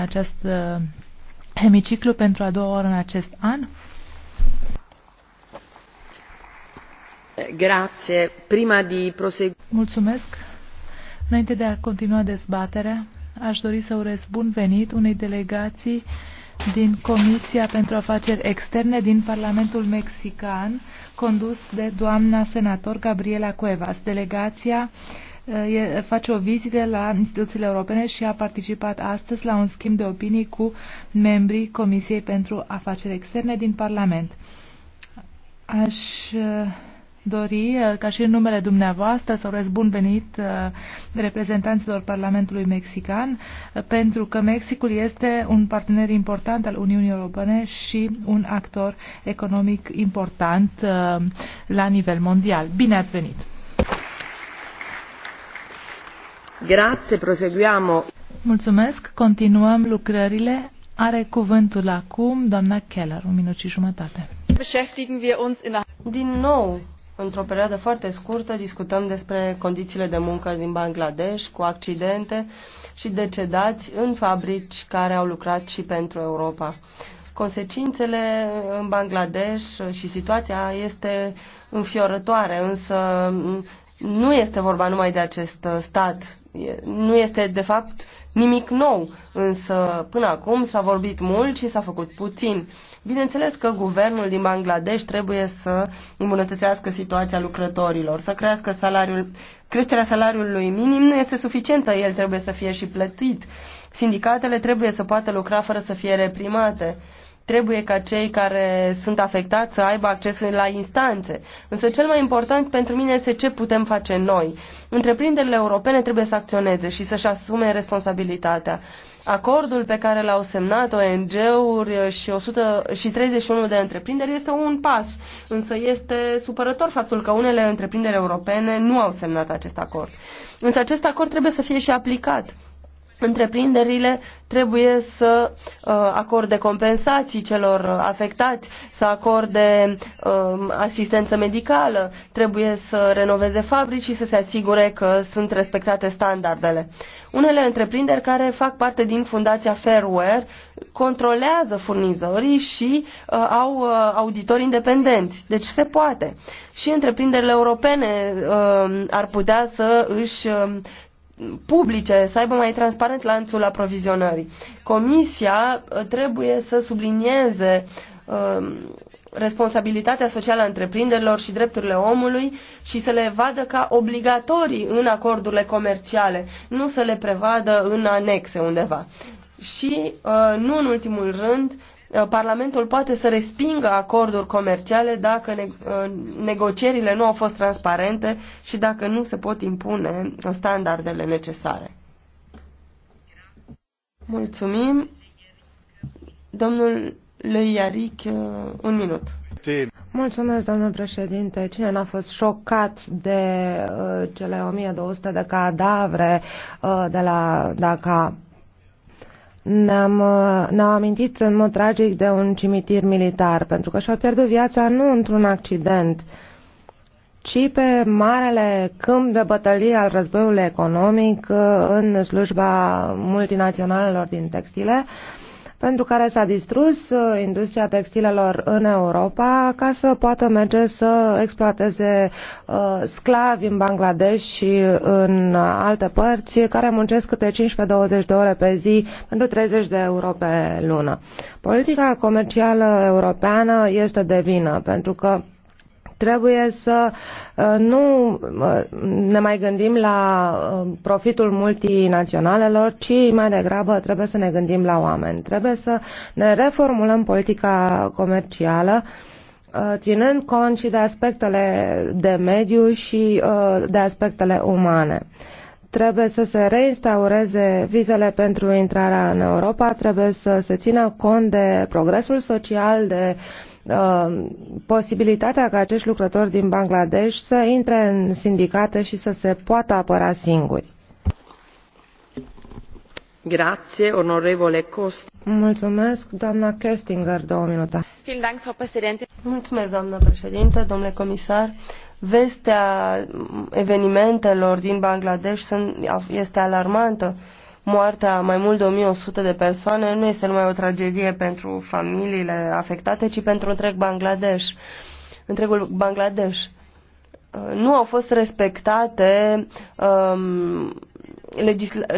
în acest uh, hemiciclu pentru a doua oară în acest an. Grazie. Prima di prosegu... Mulțumesc. Înainte de a continua dezbaterea, aș dori să urez bun venit unei delegații din Comisia pentru Afaceri Externe din Parlamentul Mexican, condus de doamna senator Gabriela Cuevas. Delegația uh, face o vizită la instituțiile europene și a participat astăzi la un schimb de opinii cu membrii Comisiei pentru Afaceri Externe din Parlament. Aș dori, ca și în numele dumneavoastră, să urez bun venit reprezentanților Parlamentului Mexican, pentru că Mexicul este un partener important al Uniunii Europene și un actor economic important la nivel mondial. Bine ați venit! Grazie, proseguiamo. Mulțumesc, continuăm lucrările. Are cuvântul acum doamna Keller, un minut și jumătate. Din nou, într-o perioadă foarte scurtă, discutăm despre condițiile de muncă din Bangladesh, cu accidente și decedați în fabrici care au lucrat și pentru Europa. Consecințele în Bangladesh și situația este înfiorătoare, însă nu este vorba numai de acest uh, stat, nu este de fapt nimic nou, însă până acum s-a vorbit mult și s-a făcut puțin. Bineînțeles că guvernul din Bangladesh trebuie să îmbunătățească situația lucrătorilor, să crească salariul. Creșterea salariului minim nu este suficientă, el trebuie să fie și plătit. Sindicatele trebuie să poată lucra fără să fie reprimate. Trebuie ca cei care sunt afectați să aibă acces la instanțe. Însă cel mai important pentru mine este ce putem face noi. Întreprinderile europene trebuie să acționeze și să-și asume responsabilitatea. Acordul pe care l-au semnat ONG-uri și, 131 și 31 de întreprinderi este un pas, însă este supărător faptul că unele întreprinderi europene nu au semnat acest acord. Însă acest acord trebuie să fie și aplicat. Întreprinderile trebuie să uh, acorde compensații celor afectați, să acorde uh, asistență medicală, trebuie să renoveze fabrici și să se asigure că sunt respectate standardele. Unele întreprinderi care fac parte din fundația Fairware controlează furnizorii și uh, au uh, auditori independenți. Deci se poate. Și întreprinderile europene uh, ar putea să își uh, publice, să aibă mai transparent lanțul aprovizionării. Comisia uh, trebuie să sublinieze uh, responsabilitatea socială a întreprinderilor și drepturile omului și să le vadă ca obligatorii în acordurile comerciale, nu să le prevadă în anexe undeva. Și, uh, nu în ultimul rând, Uh, Parlamentul poate să respingă acorduri comerciale dacă uh, negocierile nu au fost transparente și dacă nu se pot impune standardele necesare. Mulțumim. Domnul Leiaric, uh, un minut. Mulțumesc, domnul președinte. Cine n-a fost șocat de uh, cele 1200 de cadavre uh, de la Dakar? ne-am, uh, ne-au amintit în mod tragic de un cimitir militar, pentru că și-au pierdut viața nu într-un accident, ci pe marele câmp de bătălie al războiului economic uh, în slujba multinaționalelor din textile, uh, pentru care s-a distrus uh, industria textilelor în Europa ca să poată merge să exploateze uh, sclavi în Bangladesh și în alte părți care muncesc câte 15-20 de ore pe zi pentru 30 de euro pe lună. Politica comercială europeană este de vină pentru că trebuie să uh, nu uh, ne mai gândim la uh, profitul multinaționalelor, ci mai degrabă trebuie să ne gândim la oameni. Trebuie să ne reformulăm politica comercială ținând cont și de aspectele de mediu și de aspectele umane trebuie să se reinstaureze vizele pentru intrarea în Europa, trebuie să se țină cont de progresul social, de uh, Uh, posibilitatea ca acești lucrători din Bangladesh să intre în sindicate și să se poată apăra singuri. Grazie, onorevole Cost. Mulțumesc, doamna Köstinger, două minute. Mulțumesc, doamna președinte, domnule comisar. Vestea evenimentelor din Bangladesh este alarmantă Moartea mai mult de 1100 de persoane nu este numai o tragedie pentru familiile afectate, ci pentru întreg Bangladesh. Întregul Bangladesh. Uh, nu au fost respectate um,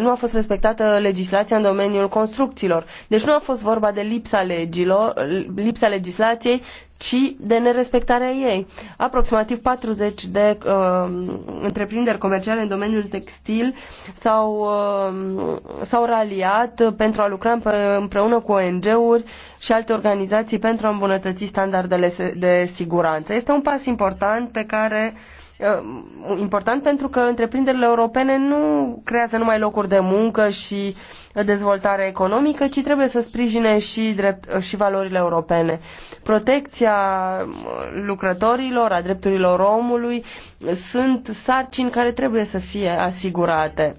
nu a fost respectată legislația în domeniul construcțiilor. Deci nu a fost vorba de lipsa legilor, lipsa legislației, ci de nerespectarea ei. Aproximativ 40 de uh, întreprinderi comerciale în domeniul textil s-au, uh, s-au raliat pentru a lucra împreună cu ONG-uri și alte organizații pentru a îmbunătăți standardele de siguranță. Este un pas important pe care um, important pentru că întreprinderile europene nu creează numai locuri de muncă și uh, dezvoltarea economică, ci trebuie să sprijine și, drept, și valorile europene. Protecția uh, lucrătorilor, a drepturilor omului sunt sarcini care trebuie să fie asigurate.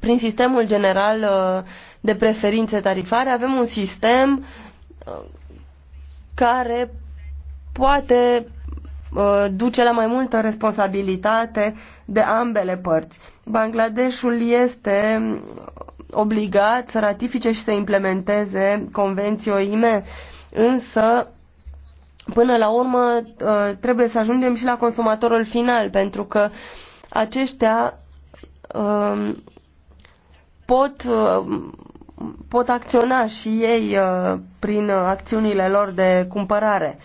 Prin sistemul general uh, de preferințe tarifare avem un sistem uh, care poate duce la mai multă responsabilitate de ambele părți. Bangladeshul este obligat să ratifice și să implementeze convenții OIM, însă până la urmă uh, trebuie să ajungem și la consumatorul final, pentru că aceștia um, pot, uh, pot acționa și ei uh, prin acțiunile lor de cumpărare.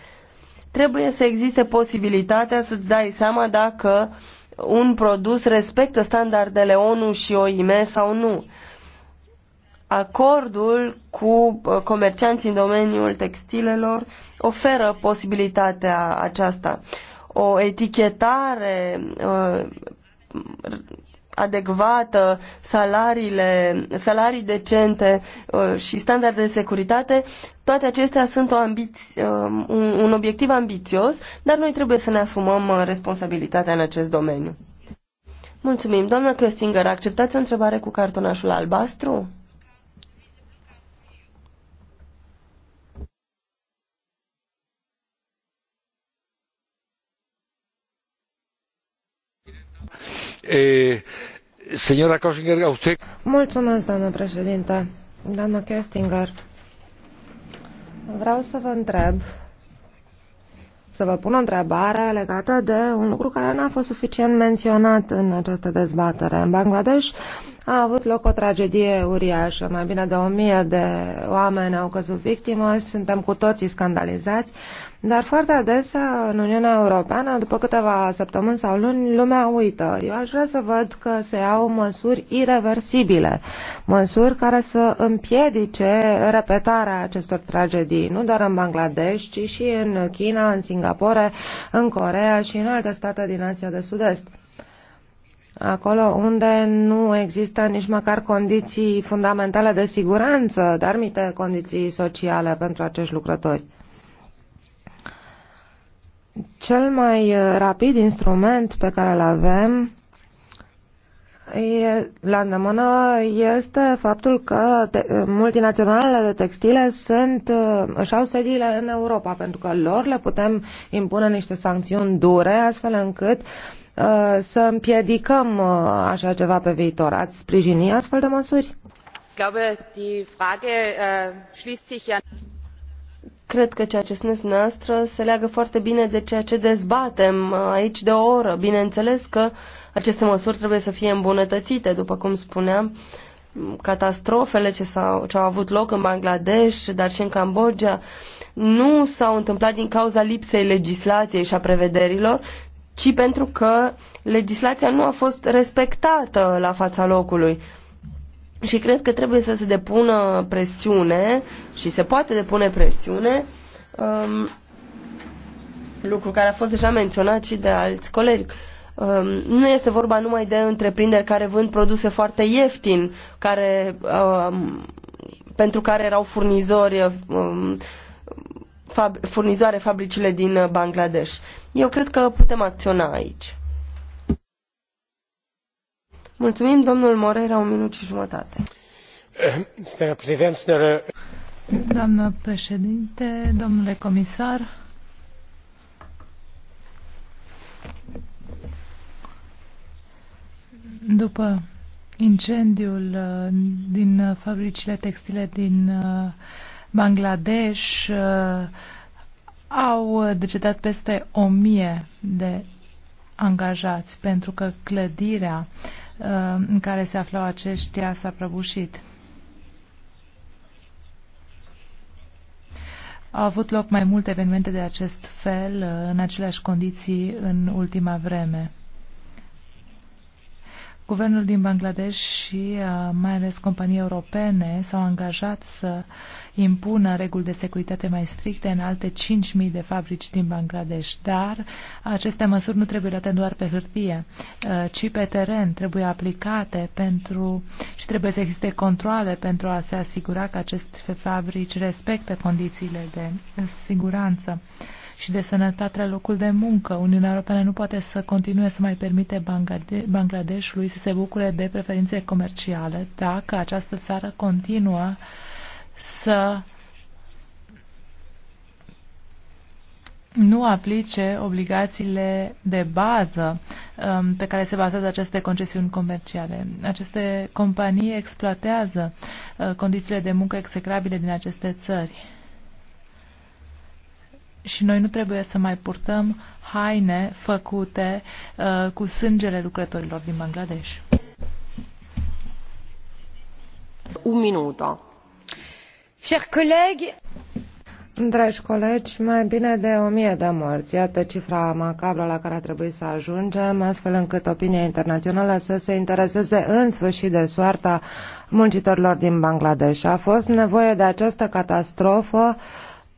Trebuie să existe posibilitatea să-ți dai seama dacă un produs respectă standardele ONU și OIM sau nu acordul cu uh, comercianții în domeniul textilelor oferă posibilitatea aceasta. O etichetare uh, adecvată, salariile, salarii decente uh, și standarde de securitate, toate acestea sunt o ambiți, un, un obiectiv ambițios, dar noi trebuie să ne asumăm responsabilitatea în acest domeniu. Mulțumim. Doamna Căstingăr, acceptați o întrebare cu cartonașul albastru? Eh, doamnă președinte. Doamnă kstinger vreau să vă întreb să vă pun o întrebare legată de un lucru care n-a fost suficient menționat în această dezbatere. În Bangladesh a avut loc o tragedie uriașă. Mai bine de o mie de oameni au căzut victime, suntem cu toții scandalizați, dar foarte adesea în Uniunea Europeană, după câteva săptămâni sau luni, lumea uită. Eu aș vrea să văd că se iau măsuri irreversibile, măsuri care să împiedice repetarea acestor tragedii, nu doar în Bangladesh, ci și în China, în Singapore, în Corea și în alte state din Asia de Sud-Est acolo unde nu există nici măcar condiții fundamentale de siguranță, dar mite condiții sociale pentru acești lucrători. Cel mai rapid instrument pe care îl avem la îndemână este faptul că multinaționalele de textile sunt, își au sediile în Europa, pentru că lor le putem impune niște sancțiuni dure, astfel încât uh, să împiedicăm uh, așa ceva pe viitor. Ați sprijini astfel de măsuri? Uh, Cred că ceea ce spuneți noastră se leagă foarte bine de ceea ce dezbatem aici de o oră. Bineînțeles că aceste măsuri trebuie să fie îmbunătățite, după cum spuneam, catastrofele ce, au ce au avut loc în Bangladesh, dar și în Cambodgia, nu s-au întâmplat din cauza lipsei legislației și a prevederilor, ci pentru că legislația nu a fost respectată la fața locului. Și cred că trebuie să se depună presiune și se poate depune presiune, um, lucru care a fost deja menționat și de alți colegi. Um, nu este vorba numai de întreprinderi care vând produse foarte ieftin, care, um, pentru care erau furnizori, um, furnizoare fabricile din Bangladesh. Eu cred că putem acționa aici. Mulțumim, domnul Moreira, un minut și jumătate. Doamnă președinte, domnule comisar, După incendiul uh, din uh, fabricile textile din uh, Bangladesh, au decedat peste o mie de angajați pentru că clădirea în care se aflau aceștia s-a prăbușit. Au avut loc mai multe evenimente de acest fel în aceleași condiții în ultima vreme. Guvernul din Bangladesh și uh, mai ales companii europene s-au angajat să impună reguli de securitate mai stricte în alte 5.000 de fabrici din Bangladesh, dar aceste măsuri nu trebuie luate doar pe hârtie, uh, ci pe teren, trebuie aplicate pentru și trebuie să existe controle pentru a se asigura că aceste fabrici respectă condițiile de siguranță și de sănătate la locul de muncă. Uniunea Europeană nu poate să continue să mai permite Bangladeshului să se bucure de preferințe comerciale dacă această țară continuă să nu aplice obligațiile de bază um, pe care se bazează aceste concesiuni comerciale. Aceste companii exploatează uh, condițiile de muncă execrabile din aceste țări și noi nu trebuie să mai purtăm haine făcute uh, cu sângele lucrătorilor din Bangladesh. Un minut. Chers colegi, Dragi colegi, mai bine de o mie de morți. Iată cifra macabră la care trebuie să ajungem, astfel încât opinia internațională să se intereseze în sfârșit de soarta muncitorilor din Bangladesh. A fost nevoie de această catastrofă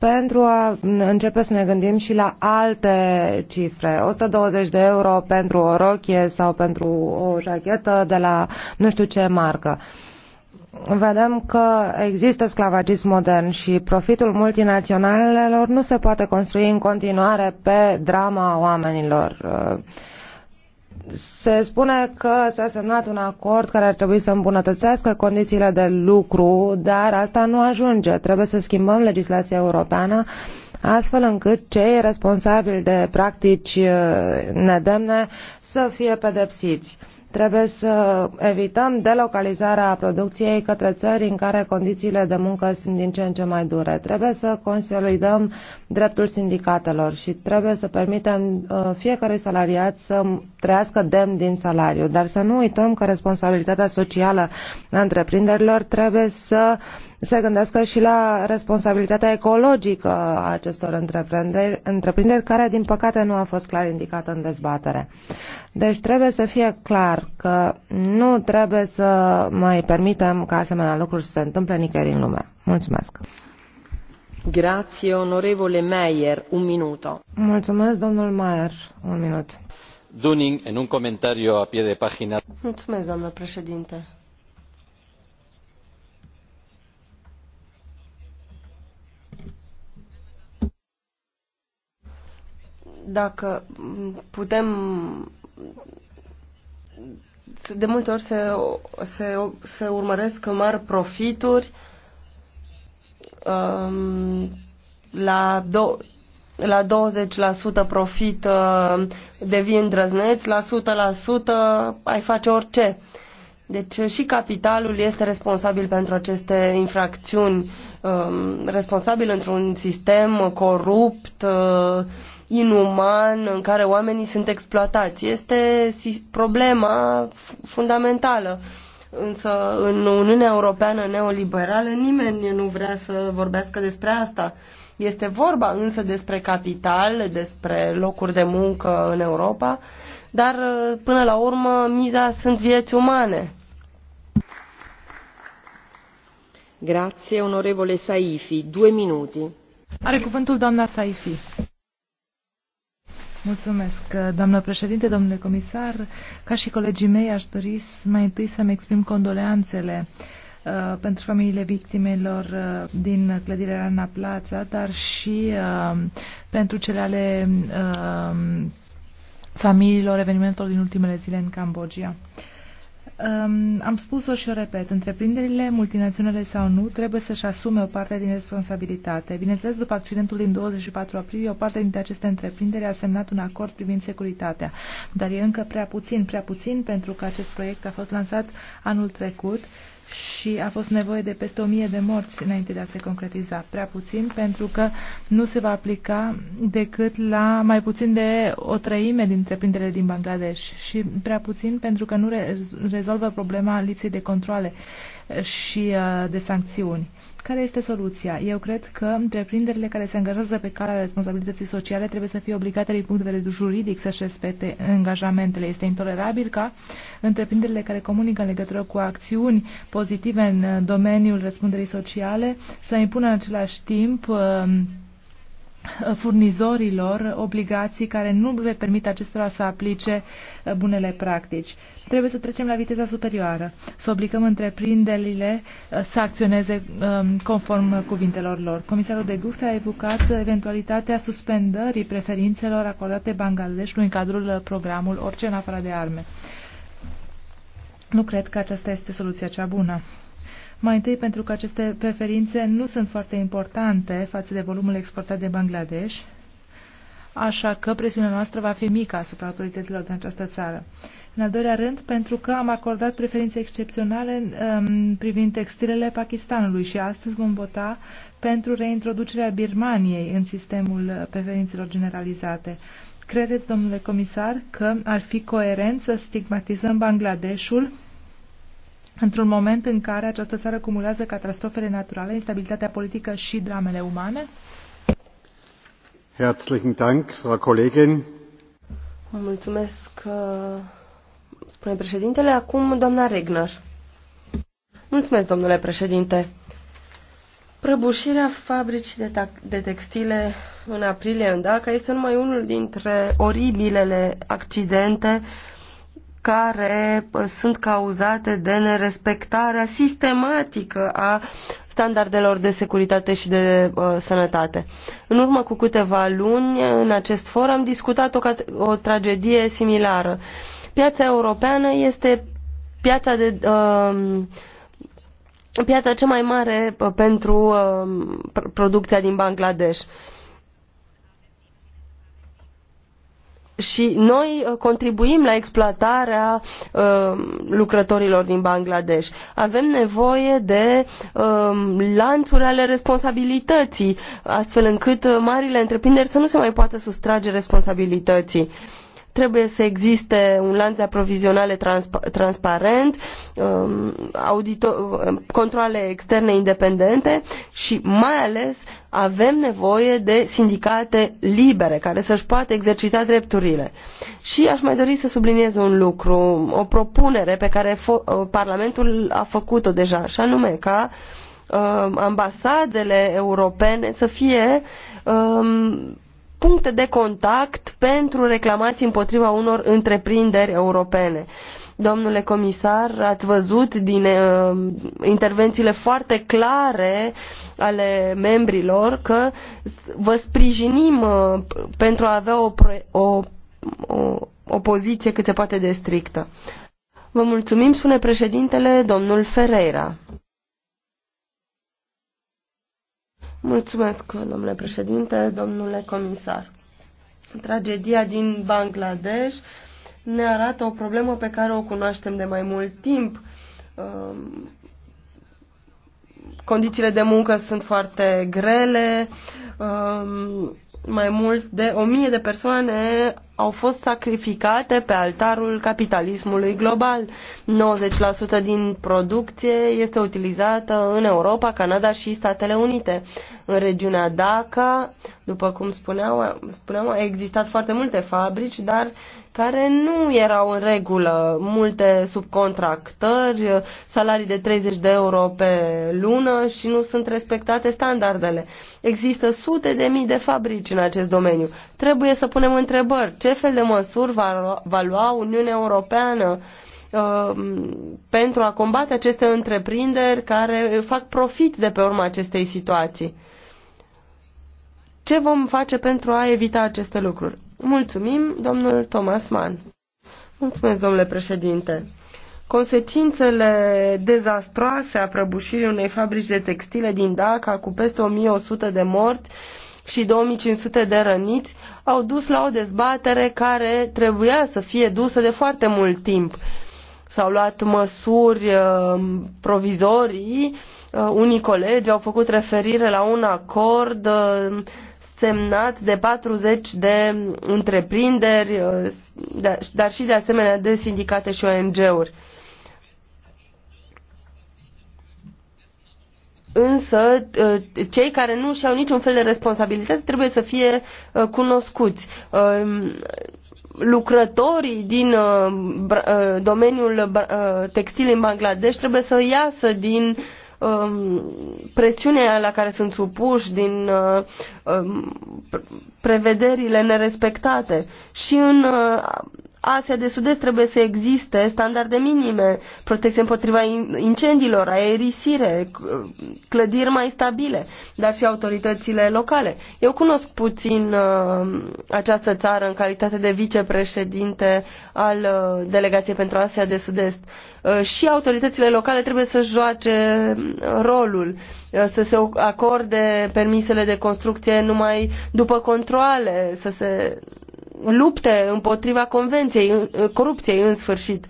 pentru a începe să ne gândim și la alte cifre. 120 de euro pentru o rochie sau pentru o jachetă de la nu știu ce marcă. Vedem că există sclavagism modern și profitul multinaționalelor nu se poate construi în continuare pe drama oamenilor. Uh, se spune că s-a semnat un acord care ar trebui să îmbunătățească condițiile de lucru, dar asta nu ajunge. Trebuie să schimbăm legislația europeană astfel încât cei responsabili de practici nedemne să fie pedepsiți. Trebuie să evităm delocalizarea producției către țări în care condițiile de muncă sunt din ce în ce mai dure. Trebuie să consolidăm dreptul sindicatelor și trebuie să permitem uh, fiecărui salariat să trăiască demn din salariu. Dar să nu uităm că responsabilitatea socială a întreprinderilor trebuie să se gândească și la responsabilitatea ecologică a acestor întreprinderi, întreprinderi care, din păcate, nu a fost clar indicată în dezbatere. Deci trebuie să fie clar că nu trebuie să mai permitem ca asemenea lucruri să se întâmple nicăieri în lume. Mulțumesc! Grazie, onorevole Meyer, un minut. Mulțumesc, domnul Meyer, un minut. Dunning, în un comentariu a pie de pagina. Mulțumesc, doamnă președinte. dacă putem de multe ori se, se, se urmăresc mari profituri um, la, do, la 20% profit uh, devii îndrăzneț, la 100% ai face orice. Deci și capitalul este responsabil pentru aceste infracțiuni, um, responsabil într-un sistem corupt, uh, inuman în care oamenii sunt exploatați. Este problema fundamentală. Însă în Uniunea Europeană neoliberală nimeni nu vrea să vorbească despre asta. Este vorba însă despre capital, despre locuri de muncă în Europa, dar până la urmă miza sunt vieți umane. Grazie, onorevole Saifi. Două minute. Are cuvântul doamna Saifi Mulțumesc, doamnă președinte, domnule comisar. Ca și colegii mei, aș dori mai întâi să-mi exprim condoleanțele uh, pentru familiile victimelor uh, din clădirea Rana Plața, dar și uh, pentru cele ale uh, familiilor evenimentelor din ultimele zile în Cambodgia. Uh, Um, am spus-o și o repet, întreprinderile multinaționale sau nu trebuie să-și asume o parte din responsabilitate. Bineînțeles, după accidentul din 24 aprilie, o parte dintre aceste întreprinderi a semnat un acord privind securitatea, dar e încă prea puțin, prea puțin pentru că acest proiect a fost lansat anul trecut și a fost nevoie de peste 1000 de morți înainte de a se concretiza. Prea puțin pentru că nu se va aplica decât la mai puțin de o treime din întreprinderile din Bangladesh și prea puțin pentru că nu rezolvă problema lipsei de controle și uh, de sancțiuni. Care este soluția? Eu cred că întreprinderile care se angajează pe calea responsabilității sociale trebuie să fie obligate din punct de vedere juridic să-și respecte angajamentele. Este intolerabil ca întreprinderile care comunică în legătură cu acțiuni pozitive în uh, domeniul răspunderii sociale să impună în același timp um, furnizorilor obligații care nu le permit acestora să aplice uh, bunele practici. Trebuie să trecem la viteza superioară, să obligăm întreprinderile uh, să acționeze um, conform cuvintelor lor. Comisarul de Gucht a evocat eventualitatea suspendării preferințelor acordate Bangladeshului în cadrul uh, programului Orice în afară de arme. Nu cred că aceasta este soluția cea bună. Mai întâi pentru că aceste preferințe nu sunt foarte importante față de volumul exportat de Bangladesh, așa că presiunea noastră va fi mică asupra autorităților din această țară. În al doilea rând, pentru că am acordat preferințe excepționale um, privind textilele Pakistanului și astăzi vom vota pentru reintroducerea Birmaniei în sistemul preferințelor generalizate. Credeți, domnule comisar, că ar fi coerent să stigmatizăm Bangladeshul într-un moment în care această țară cumulează catastrofele naturale, instabilitatea politică și dramele umane? Herzlichen Dank, Frau Kollegin. Mulțumesc, uh, spune președintele. Acum, doamna Regner. Mulțumesc, domnule președinte. Prăbușirea fabricii de, de textile în aprilie în Daca este numai unul dintre oribilele accidente uh, care uh, sunt cauzate de nerespectarea sistematică a standardelor de securitate și de uh, sănătate. În urmă cu câteva luni, în acest for, am discutat o, o tragedie similară. Piața europeană este piața de. Uh, piața cea mai mare uh, pentru uh, producția din Bangladesh. Uh, și noi uh, contribuim la exploatarea uh, lucrătorilor din Bangladesh. Avem nevoie de uh, lanțuri ale responsabilității, astfel încât uh, marile întreprinderi să nu se mai poată sustrage responsabilității. Uh, Trebuie să existe un lanț de aprovizionare transpa- transparent, um, audito- um, controle externe independente și mai ales avem nevoie de sindicate libere care să-și poată exercita drepturile. Și aș mai dori să subliniez un lucru, o propunere pe care uh, Parlamentul a făcut-o deja, și anume ca um, ambasadele europene să fie um, puncte de contact pentru reclamații împotriva unor întreprinderi europene. Domnule comisar, ați văzut din uh, intervențiile foarte clare ale membrilor că vă sprijinim uh, pentru a avea o, o, o, o poziție cât se poate de strictă. Vă mulțumim, spune președintele, domnul Ferreira. Mulțumesc, domnule președinte, domnule comisar. Tragedia din Bangladesh ne arată o problemă pe care o cunoaștem de mai mult timp. Um, condițiile de muncă sunt foarte grele, um, mai mult de o mie de persoane au fost sacrificate pe altarul capitalismului global. 90% din producție este utilizată în Europa, Canada și Statele Unite. În regiunea Dhaka, după cum spuneam, spuneau, au existat foarte multe fabrici, dar care nu erau în regulă. Multe subcontractări, salarii de 30 de euro pe lună și nu sunt respectate standardele. Există sute de mii de fabrici în acest domeniu. Trebuie să punem întrebări. Ce ce fel de măsuri va, va lua Uniunea Europeană uh, pentru a combate aceste întreprinderi care fac profit de pe urma acestei situații. Ce vom face pentru a evita aceste lucruri? Mulțumim, domnul Thomas Mann. Mulțumesc, domnule președinte. Consecințele dezastroase a prăbușirii unei fabrici de textile din Dhaka cu peste 1100 de morți și 2500 de răniți au dus la o dezbatere care trebuia să fie dusă de foarte mult timp. S-au luat măsuri uh, provizorii, uh, unii colegi au făcut referire la un acord uh, semnat de 40 de întreprinderi, dar și de asemenea de sindicate și ONG-uri. Însă, uh, cei care nu și-au niciun fel de responsabilitate trebuie să fie uh, cunoscuți. Um, lucrătorii din uh, domeniul textil în Bangladesh trebuie să iasă din um, presiunea la care sunt supuși, din um, prevederile nerespectate. Și în Asia de Sud-Est trebuie să existe standarde minime, protecție împotriva incendiilor, aerisire, clădiri mai stabile, dar și autoritățile locale. Eu cunosc puțin uh, această țară în calitate de vicepreședinte al uh, Delegației pentru Asia de Sud-Est. Uh, și autoritățile locale trebuie să joace uh, rolul, uh, să se acorde permisele de construcție numai după controle, să se lupte împotriva convenției, uh, corupției în sfârșit.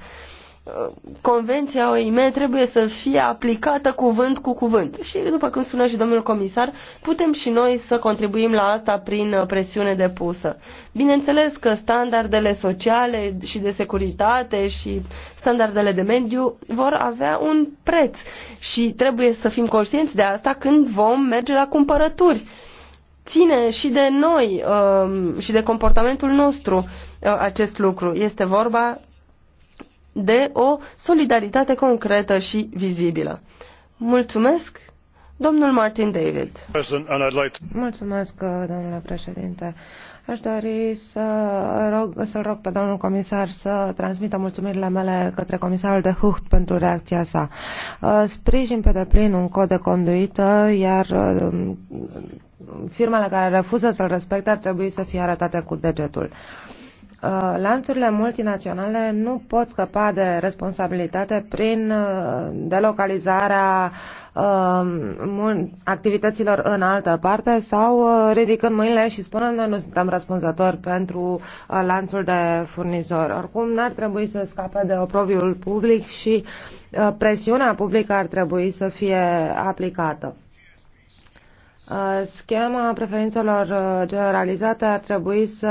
Uh, convenția OIM trebuie să fie aplicată cuvânt cu cuvânt. Și după cum spunea și domnul comisar, putem și noi să contribuim la asta prin uh, presiune depusă. Bineînțeles că standardele sociale și de securitate și standardele de mediu vor avea un preț și trebuie să fim conștienți de asta când vom merge la cumpărături ține și de noi um, și de comportamentul nostru uh, acest lucru. Este vorba de o solidaritate concretă și vizibilă. Mulțumesc, domnul Martin David. Mulțumesc, uh, domnule președinte. Aș dori să rog, să rog pe domnul comisar să transmită mulțumirile mele către comisarul de Hucht pentru reacția sa. Uh, sprijin pe deplin un cod de conduită, iar um, firmele care refuză să-l respecte ar trebui să fie arătate cu degetul. Uh, lanțurile multinaționale nu pot scăpa de responsabilitate prin uh, delocalizarea uh, activităților în altă parte sau ridicând mâinile și spunând noi nu suntem răspunzători pentru lanțul de furnizori. Oricum, n-ar trebui să scape de oproviul public și presiunea publică ar trebui să fie aplicată. Schema preferințelor generalizate ar trebui să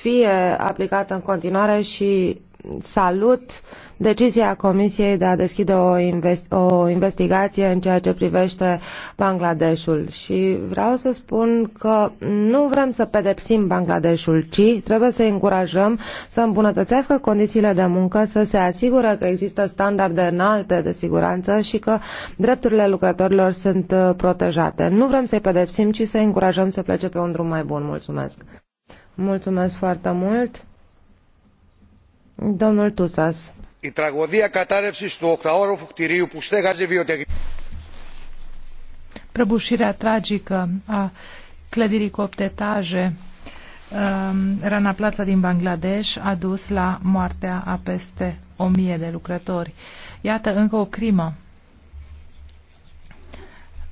fie aplicată în continuare și salut decizia Comisiei de a deschide o, invest- o investigație în ceea ce privește Bangladeshul. Și vreau să spun că nu vrem să pedepsim Bangladeshul, ci trebuie să încurajăm să îmbunătățească condițiile de muncă, să se asigure că există standarde înalte de siguranță și că drepturile lucrătorilor sunt uh, protejate. Nu vrem să-i pedepsim, ci să-i încurajăm să plece pe un drum mai bun. Mulțumesc! Mulțumesc foarte mult. Domnul Tusas. Η τραγωδία κατάρρευσης του οκταόροφου κτηρίου που στέγαζε βιοτεχνική... Prăbușirea tragică a clădirii cu opt etaje um, Rana Plaza din Bangladesh a dus la moartea a peste o mie de lucrători. Iată încă o crimă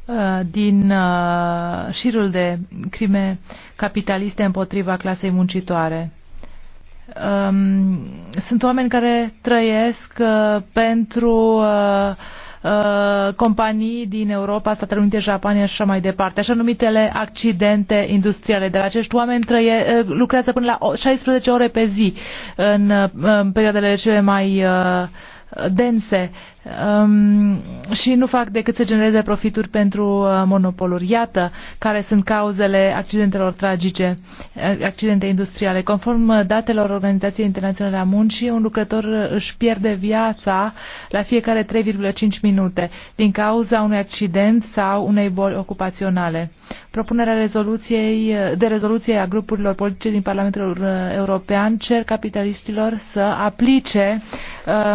Uh, din uh, șirul de crime capitaliste împotriva clasei muncitoare. Um, sunt oameni care trăiesc uh, pentru companii din Europa, Statele Unite, Japonia și așa mai departe, așa numitele accidente industriale. Dar acești oameni trăie, lucrează până la 16 ore pe zi în perioadele cele mai dense um, și nu fac decât să genereze profituri pentru uh, monopoluri. Iată care sunt cauzele accidentelor tragice, uh, accidente industriale. Conform uh, datelor Organizației Internaționale a Muncii, un lucrător își pierde viața la fiecare 3,5 minute din cauza unui accident sau unei boli ocupaționale. Propunerea rezoluției, de rezoluție a grupurilor politice din Parlamentul European cer capitalistilor să aplice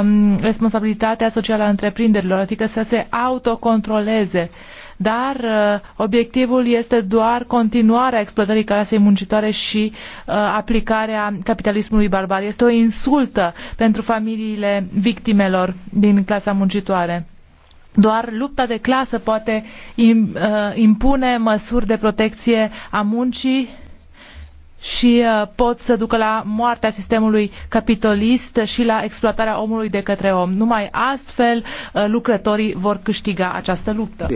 um, responsabilitatea socială al întreprinderilor, adică să se autocontroleze. Dar uh, obiectivul este doar continuarea exploatării clasei muncitoare și uh, aplicarea capitalismului barbar. Este o insultă pentru familiile victimelor din clasa muncitoare. Doar lupta de clasă poate uh, impune măsuri de protecție a muncii și uh, pot să ducă la moartea sistemului capitalist și la exploatarea omului de către om. Numai astfel uh, lucrătorii vor câștiga această luptă.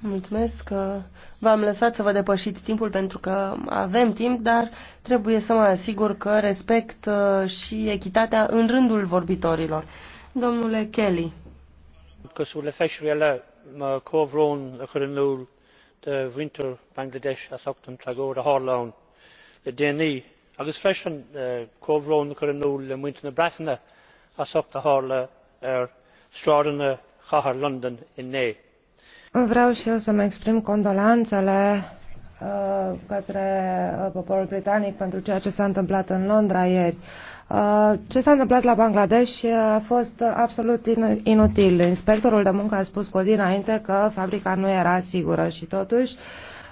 Mulțumesc că v-am lăsat să vă depășiți timpul pentru că avem timp, dar trebuie să mă asigur că respect uh, și echitatea în rândul vorbitorilor. Domnule Kelly mhuintir bangladesh a sochtain treagar a fháil ann le déanaí agus freisin comhghrón a cuireann nua le muintir na breataine a socht a tharla ar er, stradanna uh, chathair londain inné. vreau și eu să mi exprim condoleanțele uh, către uh, poporul britanic pentru ceea ce s a întâmplat în londra ieri. Uh, ce s-a întâmplat la Bangladesh a fost absolut inutil. Inspectorul de muncă a spus cu o zi înainte că fabrica nu era sigură și totuși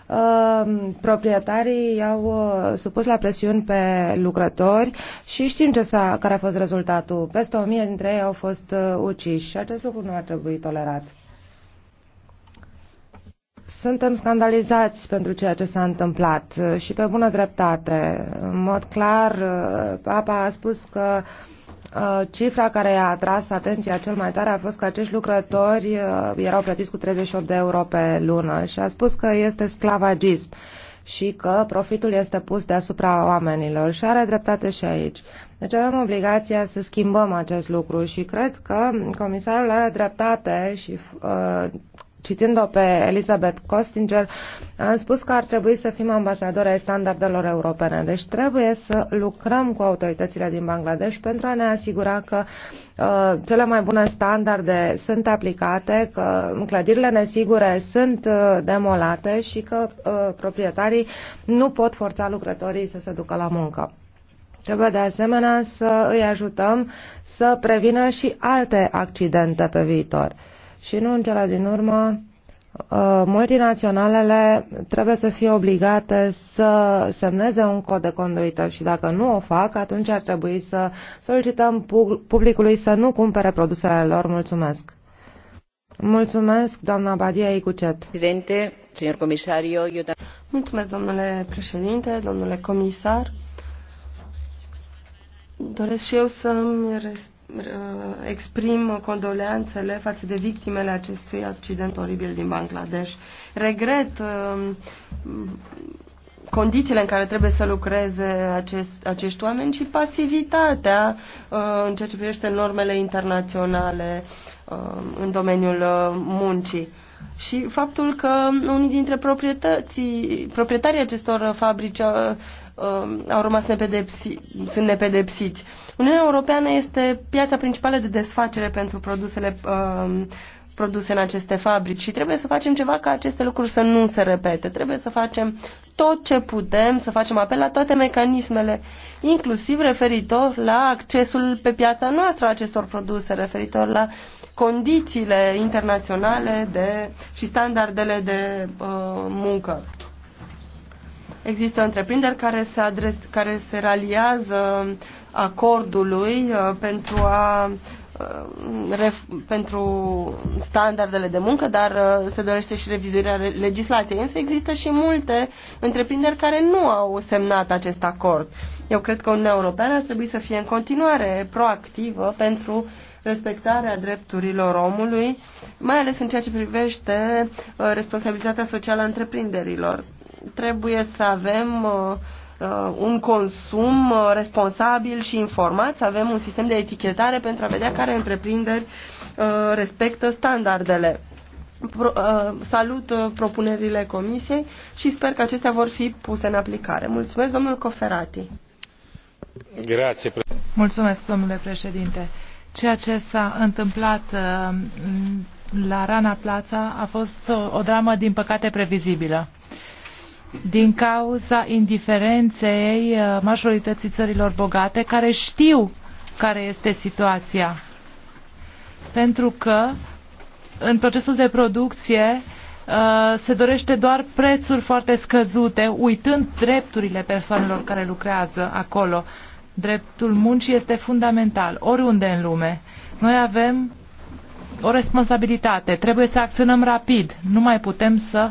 uh, proprietarii i-au uh, supus la presiuni pe lucrători și știm ce a care a fost rezultatul. Peste o mie dintre ei au fost uciși și acest lucru nu ar trebui tolerat. Suntem scandalizați pentru ceea ce s-a întâmplat uh, și pe bună dreptate. În mod clar, Papa uh, a spus că uh, cifra care a atras atenția cel mai tare a fost că acești lucrători erau plătiți cu 38 de euro pe lună și a spus că este sclavagism și că profitul este pus deasupra oamenilor și are dreptate și aici. Deci avem obligația să schimbăm acest lucru și cred că comisarul are dreptate și uh, citind-o pe Elizabeth Costinger, am spus că ar trebui să fim ambasadori ai standardelor europene. Deci trebuie să lucrăm cu autoritățile din Bangladesh pentru a ne asigura că uh, cele mai bune standarde sunt aplicate, că clădirile nesigure sunt uh, demolate și că uh, proprietarii nu pot forța lucrătorii să se ducă la muncă. Trebuie de asemenea să îi ajutăm să prevină și alte accidente pe viitor. Și nu în cele din urmă, uh, multinaționalele trebuie să fie obligate să semneze un cod de conduită și dacă nu o fac, atunci ar trebui să solicităm publicului să nu cumpere produsele lor. Mulțumesc! Mulțumesc, doamna Badia Icucet. Presidente, señor comisario, eu... Mulțumesc, domnule președinte, domnule comisar. Doresc și eu să-mi Uh, exprim condoleanțele față de victimele acestui accident oribil din Bangladesh. Regret um, condițiile în care trebuie să lucreze acest, acești oameni și pasivitatea uh, în ceea ce privește normele internaționale uh, în domeniul muncii. Și faptul că unii dintre proprietății, proprietarii acestor fabrici au, au rămas nepedepsi, sunt nepedepsiți. Uh, Uniunea Europeană este piața principală de desfacere pentru produsele uh, produse în aceste fabrici și trebuie să facem ceva ca aceste lucruri să nu se repete. Trebuie să facem tot ce putem, să facem apel la toate mecanismele, inclusiv referitor la accesul pe piața noastră a acestor produse, referitor la condițiile internaționale de, și standardele de uh, muncă. Există întreprinderi care se, adres, care se raliază acordului uh, pentru a uh, pentru standardele de muncă, dar uh, se dorește și revizuirea legislației. Însă există și multe întreprinderi care nu au semnat acest acord. Eu cred că Uniunea Europeană ar trebui să fie în continuare proactivă pentru respectarea drepturilor omului, mai ales în ceea ce privește responsabilitatea socială a întreprinderilor trebuie să avem uh, uh, un consum uh, responsabil și informat, să avem un sistem de etichetare pentru a vedea care întreprinderi respectă standardele. Pro, salut propunerile comisiei și sper că acestea vor fi puse în aplicare. Mulțumesc, domnul Coferati. Grazie. Mulțumesc, domnule președinte. Ceea ce s-a întâmplat la Rana Plaza a fost o, o dramă, din păcate, previzibilă din cauza indiferenței uh, majorității țărilor bogate care știu care este situația. Pentru că în procesul de producție uh, se dorește doar prețuri foarte scăzute, uitând drepturile persoanelor care lucrează acolo. Dreptul muncii este fundamental, oriunde în lume. Noi avem o responsabilitate, trebuie să acționăm rapid, nu mai putem să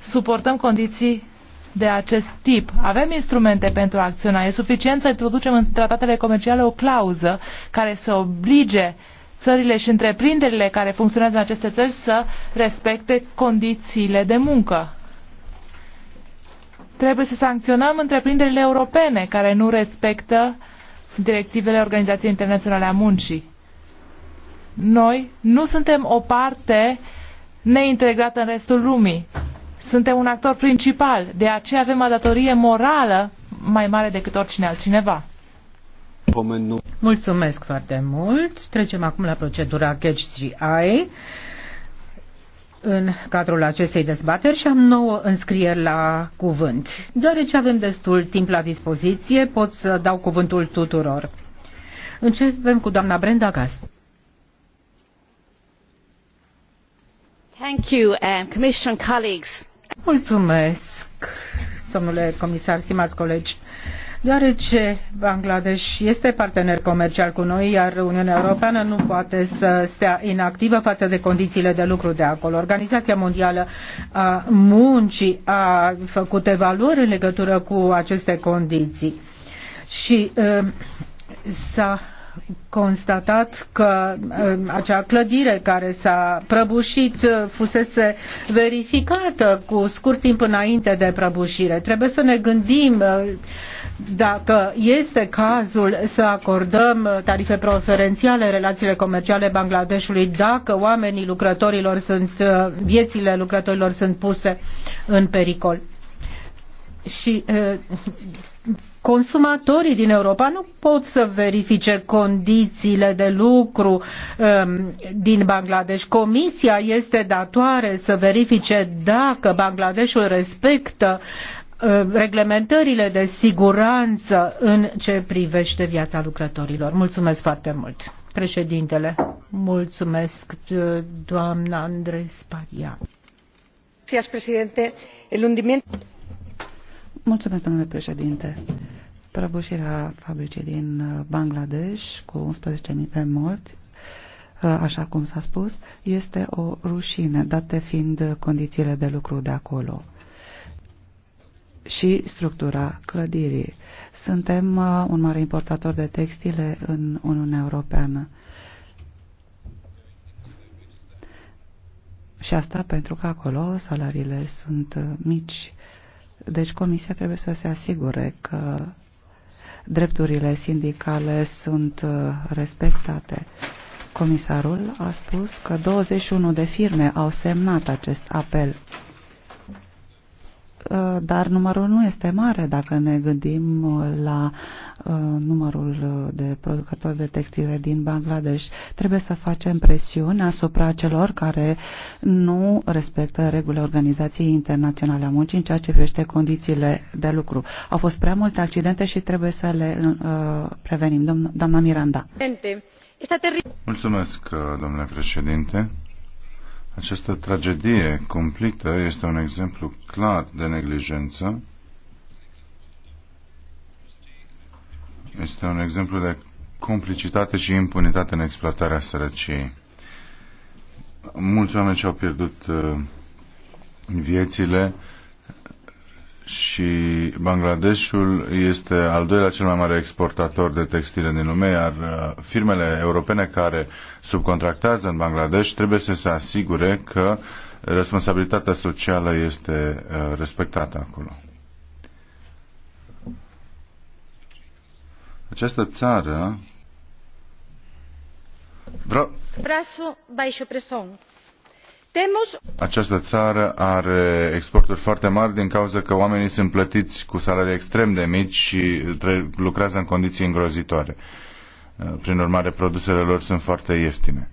suportăm condiții de acest tip. Avem instrumente pentru a acționa. E suficient să introducem în tratatele comerciale o clauză care să oblige țările și întreprinderile care funcționează în aceste țări să respecte condițiile de muncă. Trebuie să sancționăm întreprinderile europene care nu respectă directivele Organizației Internaționale a Muncii. Noi nu suntem o parte neintegrată în restul lumii. Suntem un actor principal, de aceea avem o datorie morală mai mare decât oricine altcineva. Mulțumesc foarte mult. Trecem acum la procedura Catch CI în cadrul acestei dezbateri și am nouă înscrieri la cuvânt. Deoarece avem destul timp la dispoziție, pot să dau cuvântul tuturor. Începem cu doamna Brenda Gast. Thank you, um, uh, Commission colleagues. Mulțumesc, domnule comisar, stimați colegi. Deoarece Bangladesh este partener comercial cu noi, iar Uniunea Europeană nu poate să stea inactivă față de condițiile de lucru de acolo. Organizația Mondială a Muncii a făcut evaluări în legătură cu aceste condiții și uh, s-a constatat că um, acea clădire care s-a prăbușit uh, fusese verificată cu scurt timp înainte de prăbușire. Trebuie să ne gândim uh, dacă este cazul să acordăm tarife preferențiale în relațiile comerciale Bangladeshului, dacă oamenii lucrătorilor sunt, uh, viețile lucrătorilor sunt puse în pericol și consumatorii din Europa nu pot să verifice condițiile de lucru din Bangladesh. Comisia este datoare să verifice dacă Bangladeshul respectă reglementările de siguranță în ce privește viața lucrătorilor. Mulțumesc foarte mult. Președintele, mulțumesc doamna Andres Paria. Gracias, presidente. El hundimiento Mulțumesc, domnule președinte. Prăbușirea fabricii din uh, Bangladesh cu 11.000 de morți, uh, așa cum s-a spus, este o rușine, date fiind condițiile de lucru de acolo și structura clădirii. Suntem uh, un mare importator de textile în Uniunea Europeană. Și asta pentru că acolo salariile sunt mici deci Comisia trebuie să se asigure că drepturile sindicale sunt uh, respectate. Comisarul a spus că 21 de firme au semnat acest apel. Uh, dar numărul nu este mare dacă ne gândim uh, la uh, numărul de producători de textile din Bangladesh. Trebuie să facem presiune asupra celor care nu respectă regulile Organizației Internaționale a Muncii în ceea ce privește condițiile de lucru. Au fost prea multe accidente și trebuie să le prevenim. Doamna Miranda. Mulțumesc, domnule președinte. Această tragedie cumplită este un exemplu clar de neglijență. Este un exemplu de complicitate și impunitate în exploatarea sărăciei. Mulți oameni și-au pierdut uh, viețile și Bangladeshul este al doilea cel mai mare exportator de textile din lume, iar uh, firmele europene care subcontractează în Bangladesh trebuie să se asigure că responsabilitatea socială este uh, respectată acolo. Această țară Vreau... Brasul această țară are exporturi foarte mari din cauza că oamenii sunt plătiți cu salarii extrem de mici și lucrează în condiții îngrozitoare. Uh, prin urmare, produsele lor sunt foarte ieftine.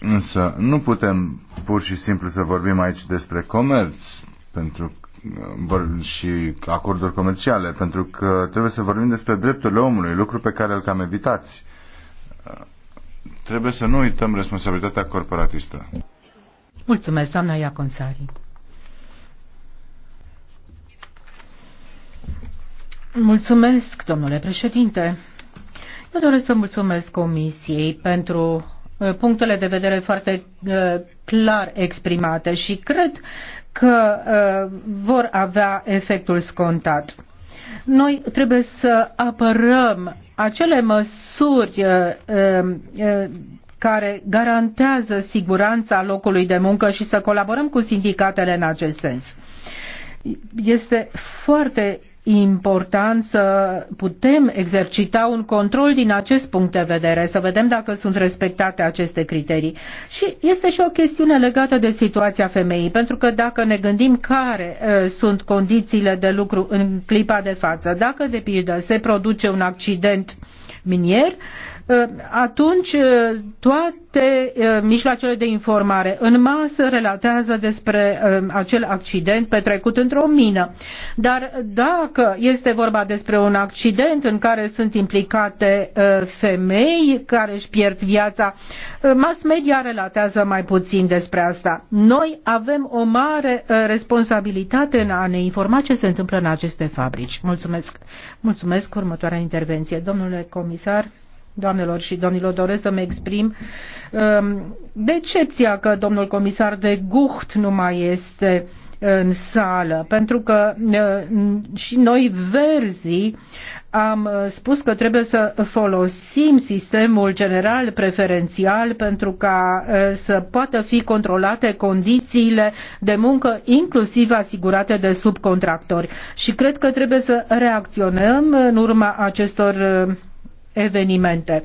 Însă nu putem pur și simplu să vorbim aici despre comerț pentru uh, și acorduri comerciale, pentru că trebuie să vorbim despre drepturile omului, lucru pe care îl cam evitați. Uh, trebuie să nu uităm responsabilitatea corporatistă. Mulțumesc, doamna Iaconsari. Mulțumesc, domnule președinte. Eu doresc să mulțumesc Comisiei pentru uh, punctele de vedere foarte uh, clar exprimate și cred că uh, vor avea efectul scontat. Noi trebuie să apărăm acele măsuri uh, um, uh, care garantează siguranța locului de muncă și să colaborăm cu sindicatele în acest sens. Este foarte important să putem exercita un control din acest punct de vedere, să vedem dacă sunt respectate aceste criterii. Și este și o chestiune legată de situația femeii, pentru că dacă ne gândim care uh, sunt condițiile de lucru în clipa de față, dacă, de pildă, se produce un accident minier, uh, Uh, atunci uh, toate uh, mijloacele de informare în masă relatează despre acel accident petrecut într-o mină. Dar dacă este vorba despre un accident în care sunt implicate femei care își pierd viața, mass media relatează mai puțin despre asta. Noi avem o mare responsabilitate în a ne informa ce se întâmplă în aceste fabrici. Mulțumesc. Mulțumesc următoarea intervenție. Domnule comisar, Doamnelor și domnilor, doresc să-mi exprim um, decepția că domnul comisar de Gucht nu mai este în sală, pentru că uh, și noi verzii am uh, spus că trebuie să folosim sistemul general preferențial pentru ca uh, să poată fi controlate condițiile de muncă, inclusiv asigurate de subcontractori. Și cred că trebuie să reacționăm în urma acestor evenimente.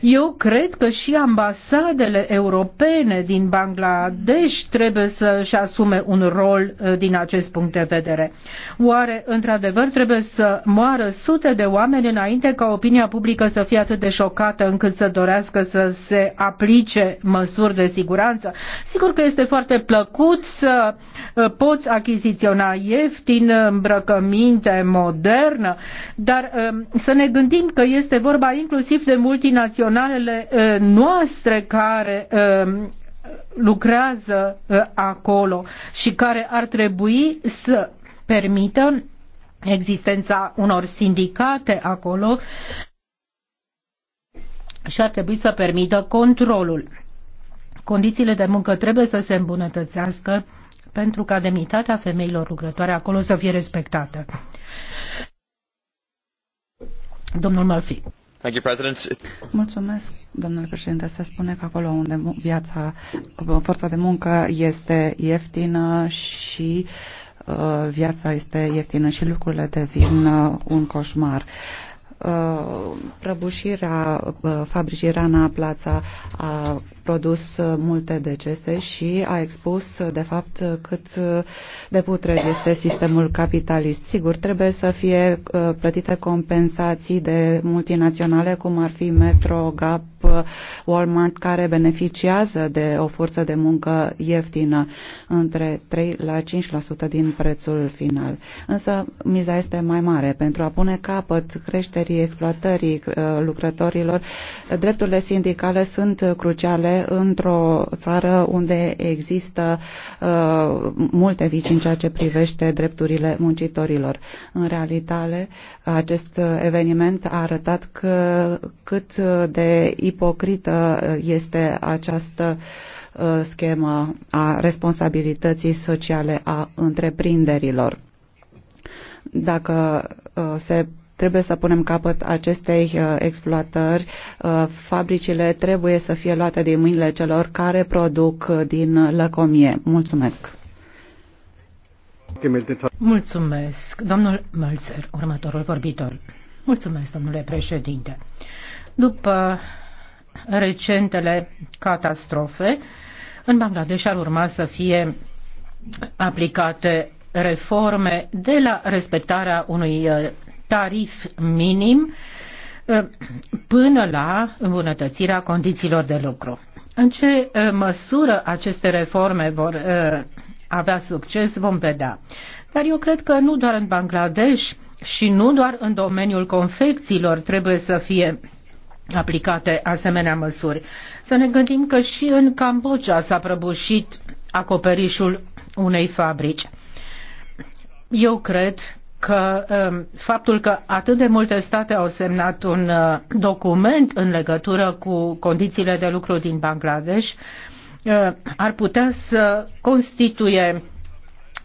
Eu cred că și ambasadele europene din Bangladesh trebuie să-și asume un rol uh, din acest punct de vedere. Oare, într-adevăr, trebuie să moară sute de oameni înainte ca opinia publică să fie atât de șocată încât să dorească să se aplice măsuri de siguranță? Sigur că este foarte plăcut să uh, poți achiziționa ieftin îmbrăcăminte modernă, dar um, să ne gândim că este vorba inclusiv de multinaționalele uh, noastre care uh, lucrează uh, acolo și care ar trebui să permită existența unor sindicate acolo și ar trebui să permită controlul. Condițiile de muncă trebuie să se îmbunătățească pentru ca demnitatea femeilor lucrătoare acolo să fie respectată. Domnul Malfi. Mulțumesc, domnule președinte. Se spune că acolo unde viața, forța de muncă este ieftină și uh, viața este ieftină și lucrurile devin uh, un coșmar. Uh, prăbușirea uh, fabricii Rana Plața a produs uh, multe decese și a expus, uh, de fapt, uh, cât de putred este sistemul capitalist. Sigur, trebuie să fie plătite compensații de multinaționale, cum ar fi Metro, Gap, Walmart, care beneficiază de o forță de muncă ieftină, între 3 la 5% din prețul final. Însă, miza este mai mare. Pentru a pune capăt creșterii exploatării lucrătorilor, drepturile sindicale sunt cruciale într-o țară unde există uh, multe vici în ceea ce privește drepturile muncitorilor. În realitate, acest eveniment a arătat că cât de ipocrită este această uh, schemă a responsabilității sociale a întreprinderilor. Dacă uh, se Trebuie să punem capăt acestei uh, exploatări. Uh, fabricile trebuie să fie luate din mâinile celor care produc uh, din lăcomie. Mulțumesc! Mulțumesc, domnul Mălțer, următorul vorbitor. Mulțumesc, domnule președinte. După recentele catastrofe, în Bangladesh ar urma să fie aplicate reforme de la respectarea unui tarif minim uh, până la îmbunătățirea condițiilor de lucru. În ce uh, măsură aceste reforme vor uh, avea succes, vom vedea. Dar eu cred că nu doar în Bangladesh și nu doar în domeniul confecțiilor trebuie să fie aplicate asemenea măsuri. Să ne gândim că și în Cambodgia s-a prăbușit acoperișul unei fabrici. Eu cred că um, faptul că atât de multe state au semnat un uh, document în legătură cu condițiile de lucru din Bangladesh uh, ar putea să constituie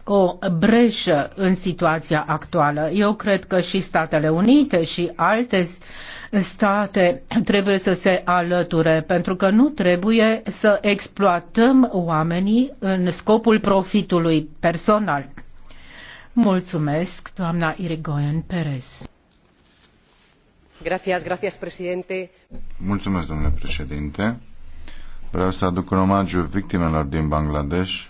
o breșă în situația actuală. Eu cred că și Statele Unite și alte state trebuie să se alăture, pentru că nu trebuie să exploatăm oamenii în scopul profitului personal. Mulțumesc, doamna Irigoyen Perez. Gracias, gracias, președinte. Mulțumesc, domnule președinte. Vreau să aduc un omagiu victimelor din Bangladesh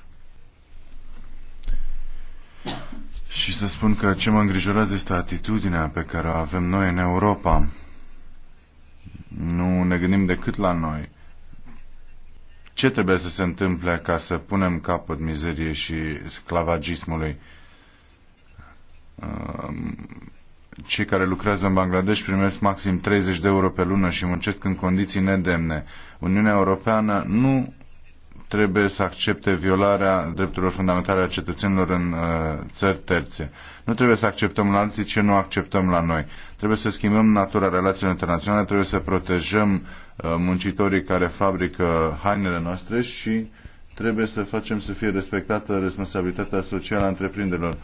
și să spun că ce mă îngrijorează este atitudinea pe care o avem noi în Europa. Nu ne gândim decât la noi. Ce trebuie să se întâmple ca să punem capăt mizeriei și sclavagismului? Um, cei care lucrează în Bangladesh primesc maxim 30 de euro pe lună și muncesc în condiții nedemne. Uniunea Europeană nu trebuie să accepte violarea drepturilor fundamentale a cetățenilor în uh, țări terțe. Nu trebuie să acceptăm la alții ce nu acceptăm la noi. Trebuie să schimbăm natura relațiilor internaționale, trebuie să protejăm uh, muncitorii care fabrică hainele noastre și trebuie să facem să fie respectată responsabilitatea socială a întreprinderilor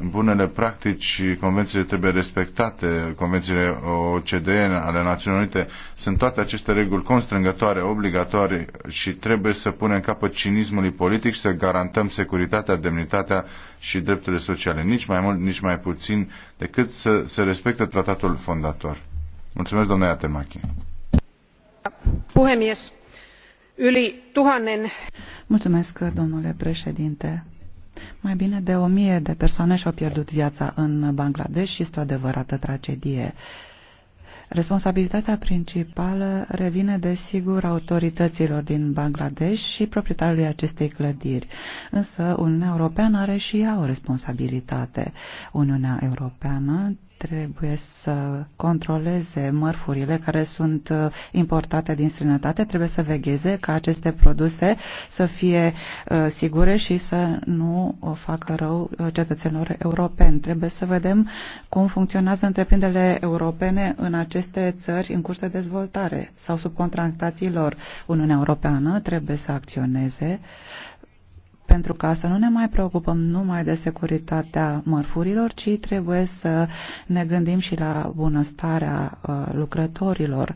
bunele practici, convențiile trebuie respectate, convențiile OCDE ale Națiunilor Unite, sunt toate aceste reguli constrângătoare, obligatorii și trebuie să punem capăt cinismului politic și să garantăm securitatea, demnitatea și drepturile sociale, nici mai mult, nici mai puțin, decât să se respecte tratatul fondator. Mulțumesc, domnule Atemachi. Puhemies, yli tuhannen... Mulțumesc, domnule președinte. Mai bine de o mie de persoane și-au pierdut viața în Bangladesh și este o adevărată tragedie. Responsabilitatea principală revine, desigur, autorităților din Bangladesh și proprietarului acestei clădiri. Însă Uniunea Europeană are și ea o responsabilitate. Uniunea Europeană trebuie să controleze mărfurile care sunt uh, importate din străinătate, trebuie să vegheze ca aceste produse să fie uh, sigure și să nu o uh, facă rău cetățenilor europeni. Trebuie să vedem cum funcționează întreprinderile europene în aceste țări în curs de dezvoltare sau contractații lor. Uniunea Europeană trebuie să acționeze pentru ca să nu ne mai preocupăm numai de securitatea mărfurilor, ci trebuie să ne gândim și la bunăstarea uh, lucrătorilor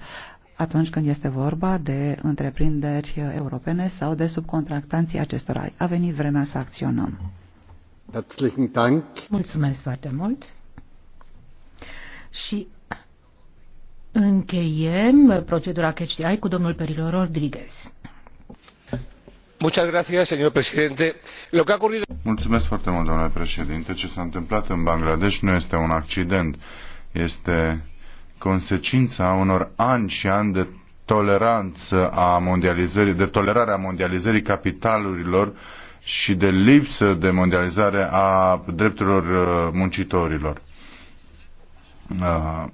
atunci când este vorba de întreprinderi europene sau de subcontractanții acestora. A venit vremea să acționăm. Mulțumesc foarte mult. Și încheiem procedura CHTI cu domnul Perilor Rodriguez. Mulțumesc foarte mult, domnule președinte. Ce s-a întâmplat în Bangladesh nu este un accident, este consecința unor ani și ani de toleranță a mondializării, de tolerarea mondializării capitalurilor și de lipsă de mondializare a drepturilor uh, muncitorilor. Uh,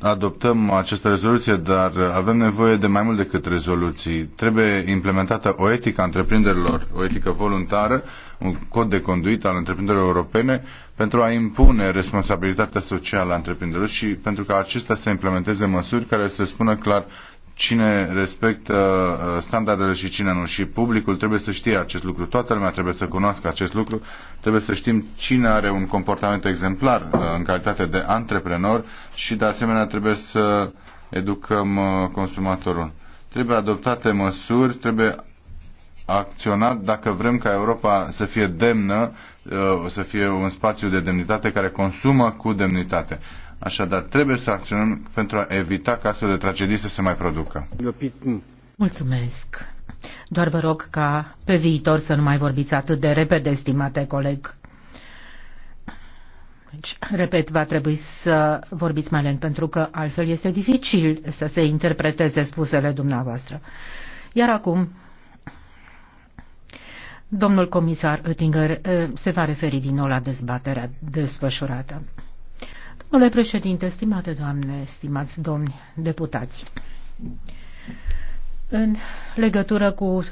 adoptăm această rezoluție, dar avem nevoie de mai mult decât rezoluții. Trebuie implementată o etică a întreprinderilor, o etică voluntară, un cod de conduită al întreprinderilor europene pentru a impune responsabilitatea socială a întreprinderilor și pentru ca acestea să implementeze măsuri care să spună clar cine respectă uh, standardele și cine nu. Și publicul trebuie să știe acest lucru. Toată lumea trebuie să cunoască acest lucru. Trebuie să știm cine are un comportament exemplar uh, în calitate de antreprenor și de asemenea trebuie să educăm uh, consumatorul. Trebuie adoptate măsuri, trebuie acționat dacă vrem ca Europa să fie demnă, să fie un spațiu de demnitate care consumă cu demnitate. Așadar, trebuie să acționăm pentru a evita ca astfel de tragedii să se mai producă. Mulțumesc. Doar vă rog ca pe viitor să nu mai vorbiți atât de repede, stimate coleg. Deci, repet, va trebui să vorbiți mai lent, pentru că altfel este dificil să se interpreteze spusele dumneavoastră. Iar acum, domnul comisar Oettinger eh, se va referi din nou la dezbaterea desfășurată. Domnule președinte, stimate doamne, stimați domni deputați, în legătură cu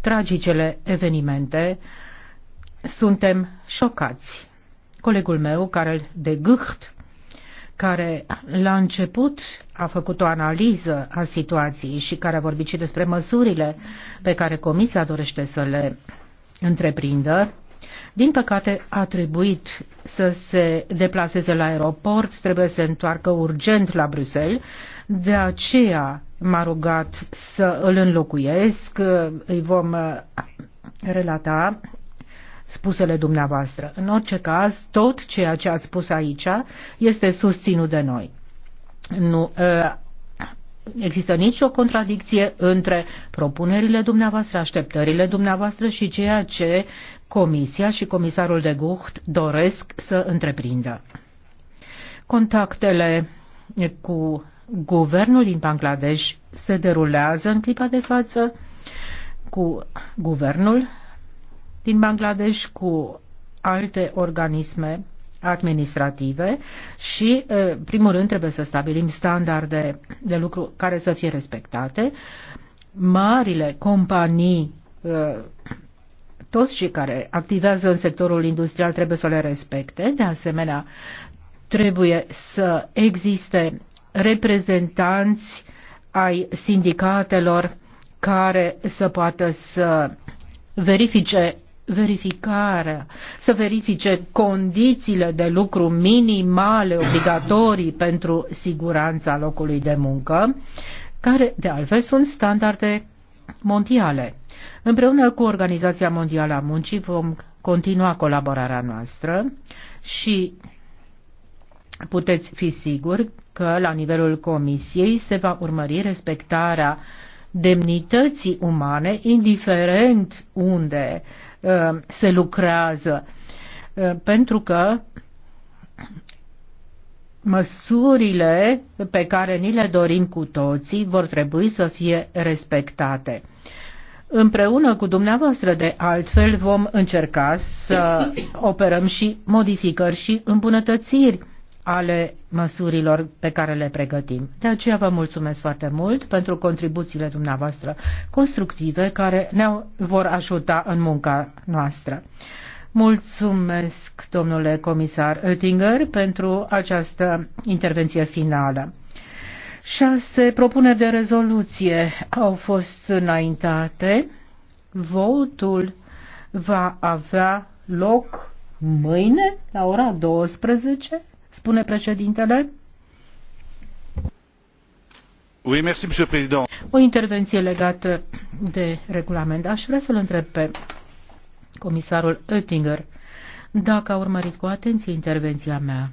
tragicele evenimente, suntem șocați. Colegul meu, Karel de Gucht, care la început a făcut o analiză a situației și care a vorbit și despre măsurile pe care Comisia dorește să le întreprindă, din păcate, a trebuit să se deplaseze la aeroport, trebuie să se întoarcă urgent la Bruxelles, de aceea m-a rugat să îl înlocuiesc, îi vom uh, relata spusele dumneavoastră. În orice caz, tot ceea ce ați spus aici este susținut de noi. Nu uh, există nicio contradicție între propunerile dumneavoastră, așteptările dumneavoastră și ceea ce Comisia și comisarul de Gucht doresc să întreprindă. Contactele cu guvernul din Bangladesh se derulează în clipa de față cu guvernul din Bangladesh, cu alte organisme administrative și, în primul rând, trebuie să stabilim standarde de lucru care să fie respectate. Marile companii, toți cei care activează în sectorul industrial trebuie să le respecte. De asemenea, trebuie să existe reprezentanți ai sindicatelor care să poată să verifice verificarea, să verifice condițiile de lucru minimale obligatorii pentru siguranța locului de muncă, care de altfel sunt standarde mondiale. Împreună cu Organizația Mondială a Muncii vom continua colaborarea noastră și puteți fi siguri că la nivelul Comisiei se va urmări respectarea uh, demnității umane, indiferent unde uh, se lucrează. Uh, pentru că măsurile pe care ni le dorim cu toții vor trebui să fie respectate. Împreună cu dumneavoastră, de altfel, vom încerca să operăm și modificări și îmbunătățiri ale măsurilor pe care le pregătim. De aceea vă mulțumesc foarte mult pentru contribuțiile dumneavoastră constructive care ne vor ajuta în munca noastră. Mulțumesc, domnule comisar Oettinger, pentru această intervenție finală. Șase propuneri de rezoluție au fost înaintate. Votul va avea loc mâine la ora 12 spune președintele. Oui, merci, monsieur président. O intervenție legată de regulament. Aș vrea să-l întreb pe comisarul Oettinger dacă a urmărit cu atenție intervenția mea.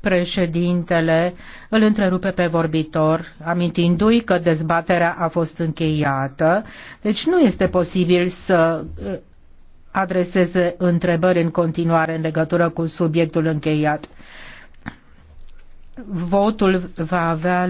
Președintele îl întrerupe pe vorbitor, amintindu-i că dezbaterea a fost încheiată, deci nu este posibil să adreseze întrebări în continuare în legătură cu subiectul încheiat. Votul va avea